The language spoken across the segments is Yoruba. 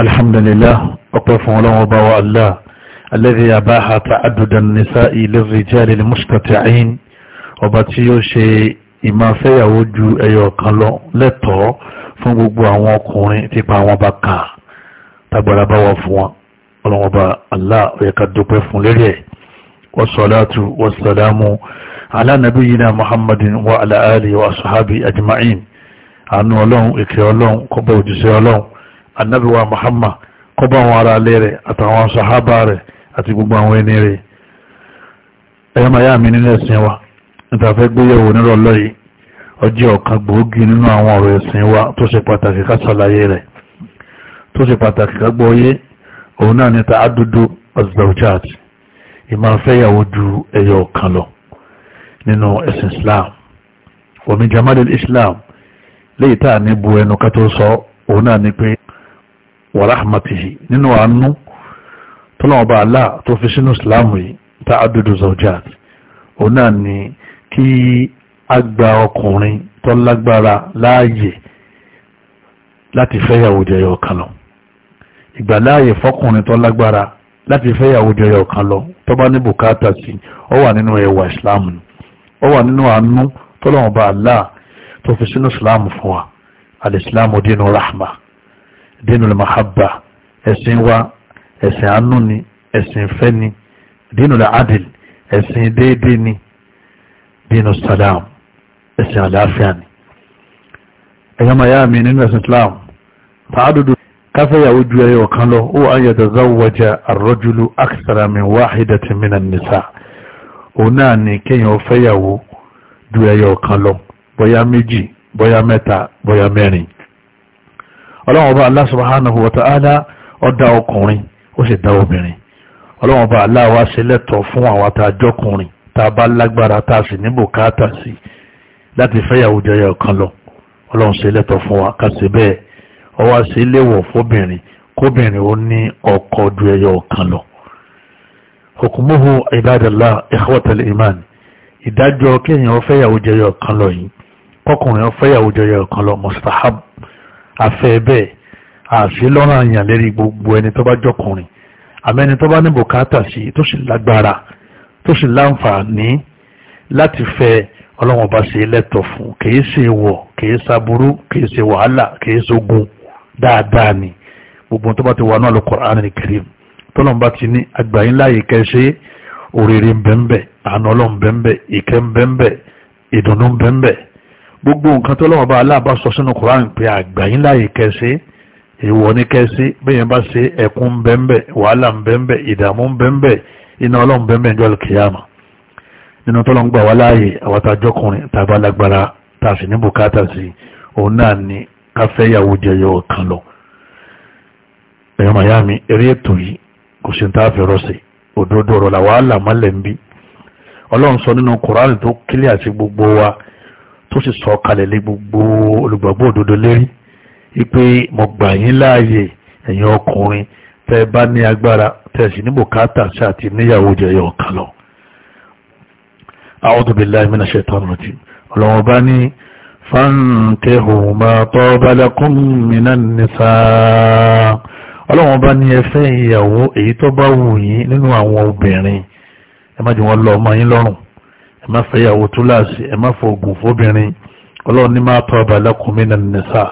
alhamdulillah ọpẹ́ fún ọlọ́wọ́ bá wa allah alladhi abaha ta'addud an-nisa'i lirrijal al-mustati'in ọba tí ó ṣe ìmáfẹ́yàwó ju ẹyọ kan lọ lẹ́tọ̀ọ́ fún gbogbo àwọn ọkùnrin tipa àwọn bá kà tágbàrá bá wà fún wọn ọlọ́wọ́ bá allah ó yẹ ká fún lérí wasalaatu wasalaamu ala nabiyina muhammadin wa ala alihi wa sahabi ajma'in àánú ọlọ́run ìkẹ́ ọlọ́run kọ́bọ̀ òjíṣẹ́ ọlọ́run anabi wa muhammad kó bá àwọn ará a rẹ̀ àtàwọn sàhábà rẹ̀ àti gbogbo àwọn ẹni rẹ̀ ẹ̀yọ́ máa mi nílẹ̀ ẹ̀sìn wa níta gbéyẹ̀wò nírọ̀lọ́ yìí ọjọ́ ọ̀kan gbòógì nínú àwọn ọ̀rọ̀ ẹ̀sìn wa tó ṣe pàtàkì ká ṣàlàyé rẹ̀ tó ṣe pàtàkì ká gbọ́ òun náà níta ju wa rahmatihi nínú àánú tọ́lọ́wọ́n bá aláà tó fi sínú ìsìláàmù yìí tá a dúdú zawjat òun náà ni kí a gba ọkùnrin tó lágbára láàyè láti fẹ́yàwó jẹyọ kan lọ ìgbà láàyè fọkùnrin tó lágbára láti fẹ́yàwó jẹyọ kan lọ tó bá ní bùkátà sí ọ wà nínú ẹwà ìsìláàmù ọ wà nínú àánú tọ́lọ́wọ́n bá tó fi sínú ìsìláàmù fún wa alìsìláàmù dínú rahma dinul mahabba ẹ̀sìn wa ẹ̀sìn àánú ni ẹ̀sìn ìfẹ́ ni dinul adil ẹ̀sìn déédéé ni dinus salam ẹ̀sìn àlàáfíà ni ẹ̀yọ́ máa yá mi nínú ẹ̀sìn islam tààdùdù káfẹ́yàwó ju ẹyọ kan lọ ó ayẹ̀dẹ̀ záwọ́jà àrọ́júlù akthara min wahidatin minan nisa òun náà ni kéèyàn fẹ́yàwó ju ẹyọ kan lọ bóyá méjì bóyá mẹ́ta bóyá mẹ́rin ọlọ́wọ́n bá Allah subhanahu wa ta'ala ọ̀dá ọkùnrin ó sì dá obìnrin ọlọ́wọ́n bá Allah wá ṣe lẹ́tọ̀ fún àwọn àtàjọkùnrin tá a bá lágbára tá a sì ní bùkátà sí láti fẹ́yàwó jẹyọ kan lọ ọlọ́run ṣe lẹ́tọ̀ fún wa ká ṣe bẹ́ẹ̀ ọwọ́ ṣe léwọ̀ fóbìnrin kóbìnrin ó ní ọkọ ju ẹyọ kan lọ afẹ́ bẹ́ẹ̀ àṣẹ lọ́rùn àyàn lérí gbogbo ẹni tó bá jọkùnrin àmẹ́ni tó bá ní bùkátà sí tó sì lágbára tó sì láǹfààní láti fẹ́ ọlọ́wọ́n bá ṣe lẹ́tọ̀ fún kìí ṣe wọ̀ kìí ṣaburú kìí ṣe wàhálà kìí ṣogun dáadáa ni gbogbo tó bá ti wà náà lọ Qur'an Karim tọ́lọ́n bá ti ní àgbáyín láàyè kẹ́ṣe òrèrè ń bẹ́ńbẹ́ àná ọlọ́run bẹ́ńbẹ́ ìkẹ́ ń bẹ́ńbẹ́ ìdùnnú ń bẹ́ńbẹ́ gbogbo nǹkan tó lọ́wọ́ bá aláàbá sọ sínú koran pé àgbáyín láàyè kẹsí ìwọ ní kẹsí bẹ́yẹn bá ṣe ẹkún bẹ́ńbẹ́ wàhálà bẹ́ńbẹ́ ìdààmú bẹ́ńbẹ́ iná ọlọ́run bẹ́ńbẹ́ ìjọ kìyàmà nínú tó lọ́n gbà wá láàyè àwọtajọ́kùnrin tàbá lágbára tá a sì ní bùkátà sí òun náà ni káfẹ́yàwó jẹyọ kan lọ ẹ̀yọ́ miami eré ètò yìí kò sí tá a fẹ́ rọ́ọ̀sì òdodo ọ̀rọ̀ làwọn ń bí ọlọ́run sọ nínú koran tó kílẹ̀ àti gbogbo wa tó sì sọ kalẹ̀ lé gbogbo olùgbàgbọ́ òdodo lérí wípé mo gbà yín láàyè ẹ̀yin ọkùnrin tẹ́ ẹ bá ní agbára tẹ́ ẹ sì ní bùkátà sí àti níyàwó jẹyọ ọ̀kan lọ. a'udhu billahi minash shaitanir rajim ọlọ́wọ́n bá ní fáńtẹ́hù máa tọ́ba lakum minan nisaa ọlọ́wọ́n bá ní ẹ ìyàwó èyí tó bá wù yín nínú àwọn obìnrin ẹ má jù wọ́n lọ ọmọ yín lọ́rùn ẹ má fẹ́ ìyàwó túláàsì ẹ má fọ oògùn fóbìnrin ọlọ́run ní máa tọ́ ọba lẹ́kùnmí náà nìsà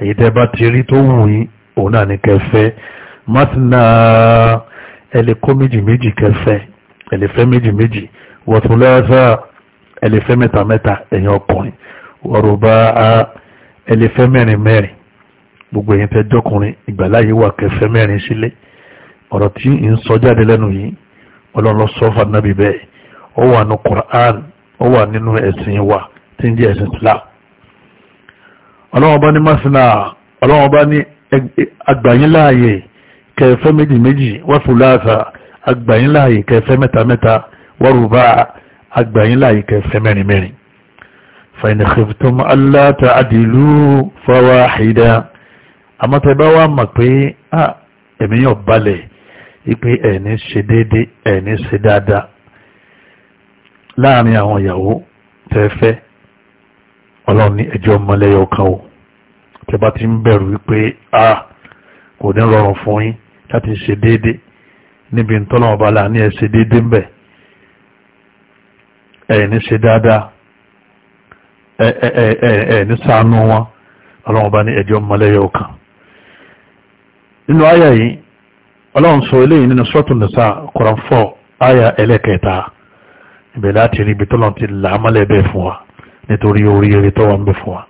èyí tẹ́ bá ti rí tó wù yín òun náà ní kẹfẹ́ mọ́tìnà ẹ lè kó méjì méjì kẹfẹ́ ẹ lè fẹ́ méjì méjì wọ̀túnlẹ́sà ẹ lè fẹ́ mẹ́ta mẹ́ta ẹ̀yìn ọkùnrin wọ̀rọ̀bá ẹ lè fẹ́ mẹ́rin mẹ́rin gbogbo ẹ̀yin tẹ́ jọkùnrin ìgbàláyé wà kẹfẹ́ mẹ́rin sílẹ̀ ọ̀rọ̀ tí ń sọ jáde lẹ́nu yìí ọlọ́run lọ sọ fún anábì bẹ́ẹ̀ ó wà ní Qur'an ó wà nínú ẹ̀sìn wa tí ń jẹ́ ẹ̀sìn Islam ọlọ́wọ́n bá ní masina ọlọ́wọ́n bá ní agbàyínláàyè kẹfẹ́ méjì méjì wọ́n fúláàfà agbàyínláàyè kẹfẹ́ mẹ́ta mẹ́ta wọ́n rúbá agbàyínláàyè kẹfẹ́ mẹ́rin mẹ́rin fàyìn khiftum alla ta'dilu fawahida àmọ́tẹ́bá wà mọ̀ pé ah, ẹ̀mí yàn balẹ̀ ipe ẹ̀ní ṣe déédé ẹ̀ní ṣe dáadáa láàrin àwọn ìyàwó tẹ́fẹ́ ọlọ́run ní ẹjọ́ mọ́lẹ́yọ kan o tẹ bá ti ń bẹ̀rù wípé a kò ní rọrùn fún yín láti ṣe déédé níbi ntọ́lọ́wọ́n bá láàrin ẹ̀ ṣe déédé ń bẹ̀ ẹ̀ ní ṣe dáadáa ẹ̀ ẹ̀ sànú wọn ọlọ́run bá ní ẹjọ́ mọ́lẹ́yọ kan nínú àyà ọlọ́run sọ eléyìí nínú sọ́tún nìsa Quran 4 àyà ẹlẹ́kẹta ibẹ̀ láti rí ibi tọ́lọ́n ti là á mọ́lẹ̀ bẹ́ẹ̀ fún wa nítorí oríire tọ́wọ́ ń bẹ fún wa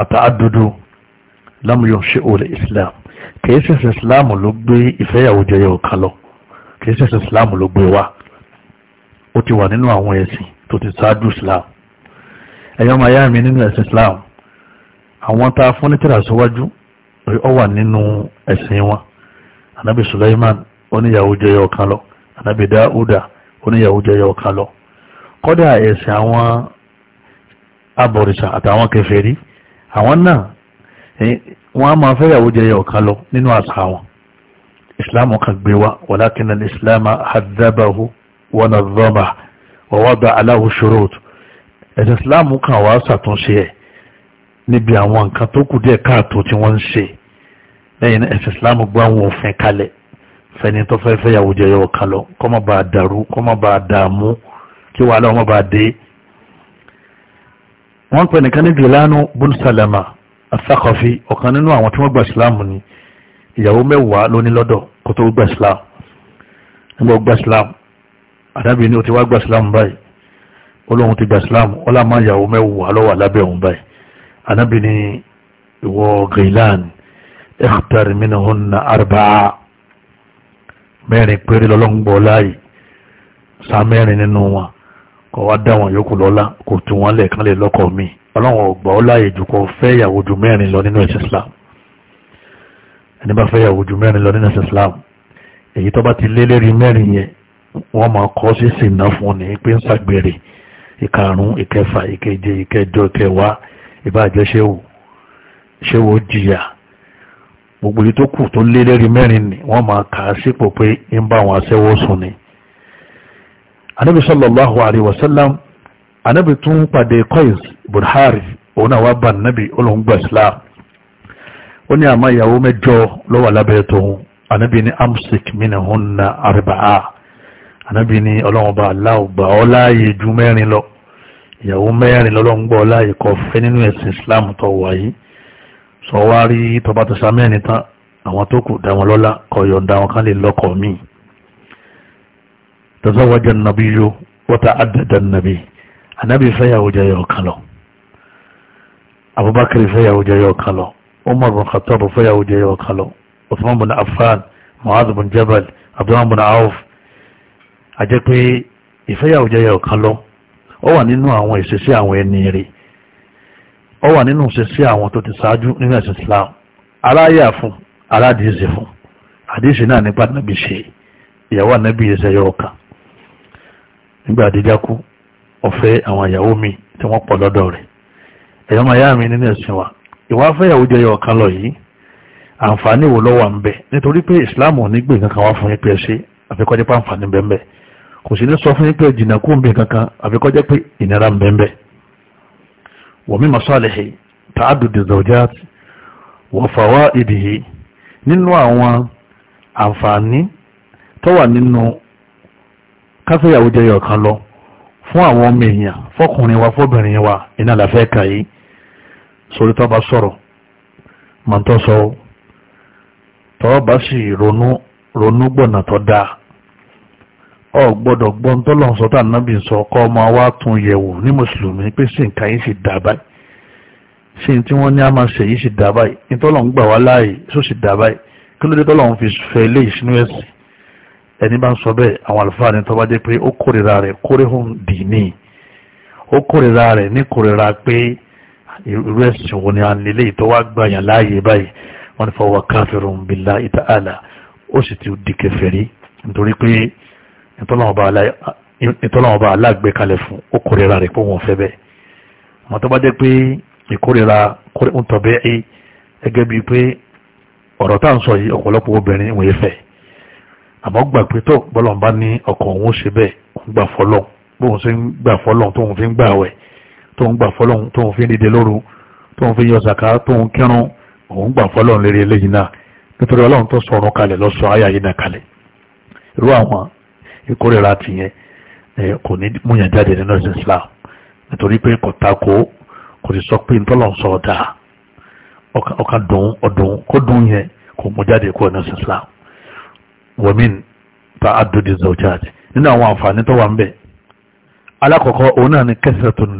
àtàdúdú lámúyọ̀ ṣe òòlù islam kìí ṣẹ̀ṣẹ̀ islam ló gbé ìfẹ́yàwó jẹyọ kan lọ kìí ṣẹ̀ṣẹ̀ islam ló gbé wa ó ti wà nínú àwọn ẹ̀sìn tó ti ṣáájú islam ẹ̀yọ́ máa yá mi nínú ẹ̀sìn islam àwọn tá a fún ní tírà síwájú wà nínú ẹ̀sìn wọn anabi suleiman oníyàwó jẹyọ kan lọ anabi dáúdà oníyàwó jẹ́ yọ kan lọ kọ́dà ẹ̀sìn àwọn abọ̀rìṣà àtàwọn kèfèrí àwọn náà wọ́n a máa fẹ́yàwó jẹ́ yọ kan lọ nínú àṣà wọn islam kan gbé wa walakin al-islam haddabahu wa nadhama wa wada'a lahu shurut ẹ̀sìn islam kan wá ṣàtúnṣe ẹ̀ níbi àwọn nǹkan tó kù díẹ̀ káàtó tí wọ́n ń ṣe lẹ́yìn ẹ̀sìn islam gbọ́ àwọn òfin kalẹ̀ fẹni tó fẹ́ fẹ́ yàwó jẹyọ kan lọ kó má bàa dàrú kó má bàa dààmú kí wàhálà má bàa dé. wọ́n pè nìkan ní gilanu bun salama asakọfi ọ̀kan nínú àwọn tí wọ́n gba islam ni ìyàwó mẹ́wàá ló lọ́dọ̀ kó tó gba islam nígbà ó gba islam àdábì ni ó ti wá gba islam báyìí olóhun ti gba islam ọlá máa ìyàwó mẹ́wàá lọ́wọ́ alábẹ́ òun báyìí àdábì ni ìwọ gilan ikhtar minhunna arba'a mẹ́rin péré lọ́lọ́ngbọ̀ láàyè sá mẹ́rin nínú wọn kọ́ wá dá wọn yòókù lọ́lá kò tún wọn lẹ́ẹ̀kan lè lọ́kọ̀ mi ọlọ́run ọ̀gbà ó láàyè jù kọ́ fẹ́ ìyàwó ju mẹ́rin lọ nínú ẹ̀sìn Islam ẹni bá fẹ́ ìyàwó ju mẹ́rin lọ nínú ẹ̀sìn Islam èyí tó bá ti lé lérí mẹ́rin yẹn wọ́n máa kọ́ sí sìnà fún ní pé ń ṣàgbèrè ìkarùn ìkẹfà ìkeje ìkẹjọ ìkẹwàá ìbáàjẹ́ gbogbo èyí tó kù tó lé lẹ́rìí mẹ́rin ni wọ́n máa kà á sípò pé ń bá àwọn aṣẹ́wó sùn ni. anabi sallallahu alayhi wa sallam anabi tún pàdé Qais ibn Harith òun náà wá bá anabi olóńgbà islam ó ní àmọ́ ìyàwó mẹ́jọ ló wà lábẹ́ tóun anabi ní amsik minahunna arba'a anabi ní ọlọ́run aláwọ̀ gbà ọ́ láàyè ju mẹ́rin lọ ìyàwó mẹ́rin lọ́lọ́run láàyè kọ́ fẹ́ nínú ẹ̀sìn islam tó wáyé sọ wá rí tọba tó sa mẹ́rin tán àwọn tó kù dá wọn lọ́lá kọ̀yọ̀ǹda wọn kan lè lọ́kọ̀ míì tazawwaja an-nabiyyu wa ta'addada an-nabiy ànábì fẹ́yàwó jẹ́ yọ̀ kan lọ abubakar fẹ́yàwó jẹ́ yọ̀ kan lọ umar bin khattab fẹ́yàwó jẹ́ yọ̀ lọ usman bin affan mu'adh bin jabal abdulrahman bin auf àjẹpẹ́ ìfẹ́yàwó jẹ́ yọ̀ lọ ó wà nínú àwọn ìṣesí àwọn ẹni ó wà nínú ṣe sí àwọn tó ti ṣáájú nínú ẹ̀sìn Islam aráyà fún aládìíṣe fún àdìíṣe náà nípa nàbí ṣe ìyàwó ànábì ìṣẹ́yọ ọ̀kan nígbà àdíjá kú ọ̀fẹ́ àwọn ìyàwó mi tí wọ́n pọ̀ lọ́dọ̀ rẹ̀ ẹ̀yọ́ máa yá mi nínú ẹ̀sìn wa ìwà afẹ́yàwó jẹyọ ọ̀kan lọ yìí àǹfààní wo lọ́wọ́ ń bẹ̀ nítorí pé Islam ò ní gbé nǹkan kan wá fún yín pé ẹ ṣe àfikọ́jẹ́ pé àǹfààní bẹ́ẹ̀ bẹ́ẹ̀ kò sì ومن مصالح تعدد الزوجات وفوائده nínú àwọn àǹfààní tó wà nínú káfíyàwó jẹyọ kan lọ fún àwọn ọmọ èèyàn fọkùnrin wa fọbìnrin wa iná làfẹ́ kà yìí sórí tó bá sọ̀rọ̀ màá tó sọ tó bá sì ronú ronú gbọ̀nà tó dáa ọ gbọ́dọ̀ gbọ́n tọ́lọ̀ sọ́tà nábì sọ kọ́ ọmọ wa tún yẹ̀wò ní mùsùlùmí pé sí nǹkan yìí sì dà báyìí sí tí wọ́n ní a máa ṣe yìí sì dà báyìí ní tọ́lọ̀ ń gbà wá láàyè só sì dà báyìí kí ló dé tọ́lọ̀ ń fi fẹ́ ilé ìsinú ẹ̀sìn ẹni bá ń sọ bẹ́ẹ̀ àwọn àlùfáà ni tó bá jẹ́ pé ó kórìíra rẹ̀ kórìhùn dìní ó kórìíra rẹ̀ ní kórìíra pé irú ẹ̀sìn wo ni a nílé ìtọ́wá gbà yàn láàyè báyìí wọ́n ní fọwọ́ káfírun billahi ta'ala ó sì ti di kèfèrí nítorí pé ìtọ́lọ́wọ́ba aláàgbékalẹ̀ fún ó kórìíra rẹ̀ pé òun fẹ́ bẹ́ẹ̀ àwọn tó bá jẹ́ pé ìkórìíra ń tọ̀bẹ́ ẹ gẹ́gẹ́ bíi pé ọ̀rọ̀ tá à ń sọ yìí ọ̀pọ̀lọpọ̀ obìnrin ìwòye fẹ́ àmọ́ gbà pé tó bọ́lọ̀mbá ní ọkọ̀ òun ṣe bẹ́ẹ̀ òun gbà fọlọ́n bóun ṣe ń gbà fọlọ́n tóun fi ń gbà wẹ̀ tóun gbà fọlọ́n tóun fi ń dìde lóru tóun fi ń yọ sàká tóun kírun òun gbà fọlọ́n lérí eléyìí náà nítorí ọlọ́run tó sọ ọ̀run kalẹ̀ lọ́sọ ayé ayé náà kalẹ̀ irú àwọn ìkórìíra tìyẹn kò ní múyàn jáde nínú Islam nítorí pé kò tako kò sì sọ pé ntọ́lọ̀ ń sọ ọ̀dà ọ̀ka dùn ọ̀dùn dùn yẹn kò mú jáde Islam wọ́mìn ta adúdí zawjat nínú àwọn àǹfààní tó wà ń bẹ̀ alákọ̀ọ́kọ́ òun náà ni kẹsìrẹ́tún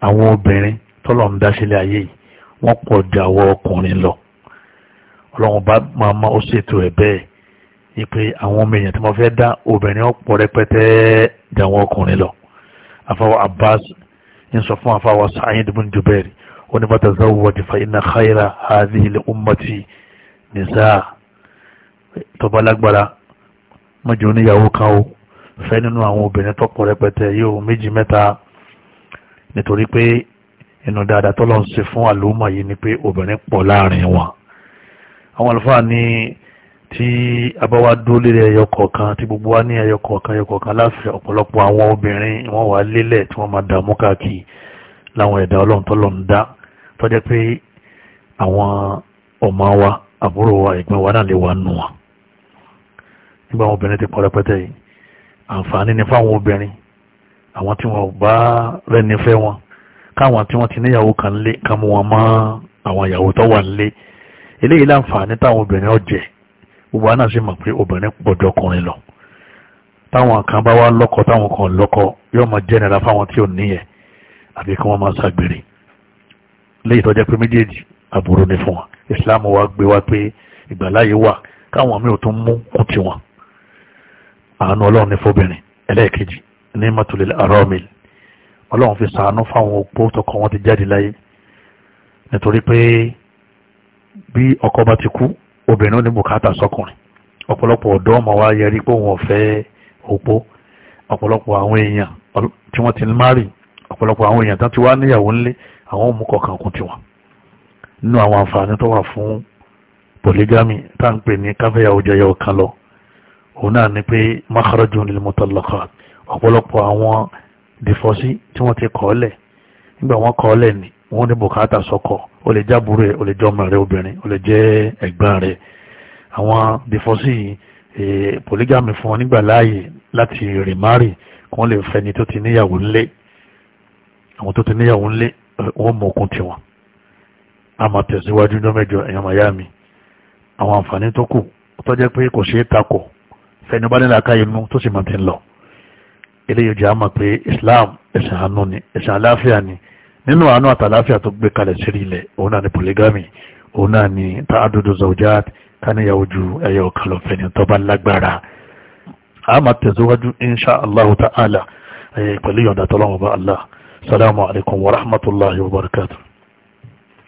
àwọn obìnrin tọ́lọ̀ ń dáṣẹ́lẹ̀ ayé yìí wọ́n pọ̀ lọ ọlọ́run ma ó ṣètò ẹ̀ ìpè àwọn ọmọ èèyàn tí mo fẹ́ dá obìnrin ọ̀pọ̀ rẹpẹtẹ jàwọn ọkùnrin lọ afáwọ Abbas ń sọ fún afáwọ Sa'id ibn Jubair ó ní bàtà zawwaj fa inna khayra hadhihi li ummati nisa tọba lágbára mọ́jú oníyàwó kan o fẹ́ nínú àwọn obìnrin tọ́pọ̀ rẹpẹtẹ yóò méjì mẹ́ta nítorí pé inú dáadáa tọ́lọ́ ń ṣe fún àlùmọ̀ yìí ni pé obìnrin pọ̀ láàrin wọn àwọn àlùfáà ní tí abáwá dúró lérí ẹyọ kọ̀ọ̀kan tí gbogbo wa ní ẹyọ kọ̀ọ̀kan ẹyọ kọ̀ọ̀kan láfẹ́ ọ̀pọ̀lọpọ̀ àwọn obìnrin wọ́n wà lélẹ̀ tí wọ́n máa dààmú káàkiri láwọn ẹ̀dá ọlọ́run tọ́lọ̀ ń dá tọ́jẹ́ pé àwọn ọmọ wa àbúrò wa ẹ̀gbọ́n wa náà lè wà nù wọn. nígbà àwọn obìnrin ti pọ̀ rẹpẹtẹ yìí àǹfààní ni fáwọn obìnrin àwọn tí wọn bá rẹ́ni fẹ́ wọn káwọn tí wọ́n ti níyàwó kan lé ká wọn mọ́ àwọn ìyàwó tó wà ń lé eléyìí láǹfààní táwọn obìnrin ọ̀jẹ̀ gbogbo àná sì mọ̀ pé obìnrin pọ̀jọ ọkùnrin lọ táwọn kan bá wá lọ́kọ táwọn kan lọ́kọ yóò máa jẹ́ nira fáwọn tí ò níyẹn àbí kí wọ́n máa ṣàgbèrè léyìí tọ́jà pé méjèèjì àbúrò ní fún wa ìsìláàmù wa gbé wa pé ìgbàláyé wà káwọn mi ò tún mú kún tiwọn àánú ọlọ́run ní fóbìnrin ẹlẹ́ẹ̀kejì ní mọ́tòlélẹ́ àrọ́mìlì ọlọ́run fi sàánú fáwọn opó tọkọ wọn ti jáde láyé nítorí pé bí ọkọ bá ti kú obìnrin ní bùkátà sọkùnrin ọ̀pọ̀lọpọ̀ ọ̀dọ́ ọmọ wa yẹrí pé òun ọ̀fẹ́ òpó ọ̀pọ̀lọpọ̀ àwọn èèyàn tí wọ́n ti ń márì ọ̀pọ̀lọpọ̀ àwọn èèyàn tó ti wá níyàwó ńlé àwọn òmù kọ̀ọ̀kan kún tiwọn nínú àwọn àǹfààní tó wà fún polygamy tá à ń pè ní káfíyàwó jẹyọ kan lọ òun náà ni pé makharajun lil mutallaqat ọ̀pọ̀lọpọ̀ àwọn dìfọ́sí tí wọ́n ti kọ́ nígbà wọ́n kọ́ ni wọ́n ní bùkátà sọ́kọ o lè jábúrò ẹ̀ o lè jẹ́ ọmọ rẹ̀ obìnrin o lè jẹ́ ẹ̀gbọ́n rẹ̀ àwọn dìfọ́sì eh, polygamy fún wọn nígbà láàyè láti rìmárì kí wọ́n lè fẹ́ ni tó ti níyàwó ńlé àwọn tó ti níyàwó ńlé eh, wọ́n mọ okun tiwọn a máa tẹ̀síwájú ní ọmọdé ẹ̀yàn miami àwọn àǹfààní tó kù tó jẹ́ pé kò ṣeé takò fẹ́ni bá nílà káyé mú tó sì máa ti ń lọ eléyìí jẹ́ àmọ̀ pé Islam ẹ̀sìn àánú ni ẹ̀sìn àláfíà ni nínú àánú àtàláfíà tó gbé kalẹ̀ sí ilẹ̀ òun náà ni polygamy òun náà ni ta'adudu zawjat káníyàwó ju ẹyẹ ọ̀kan lọ fẹ́ni tó bá lágbára a máa tẹ̀síwájú insha allah ta'ala pẹ̀lú yọ̀ǹda tọ́lọ́wọ́ allah salamu alaykum wa rahmatulahi wa barakatuh.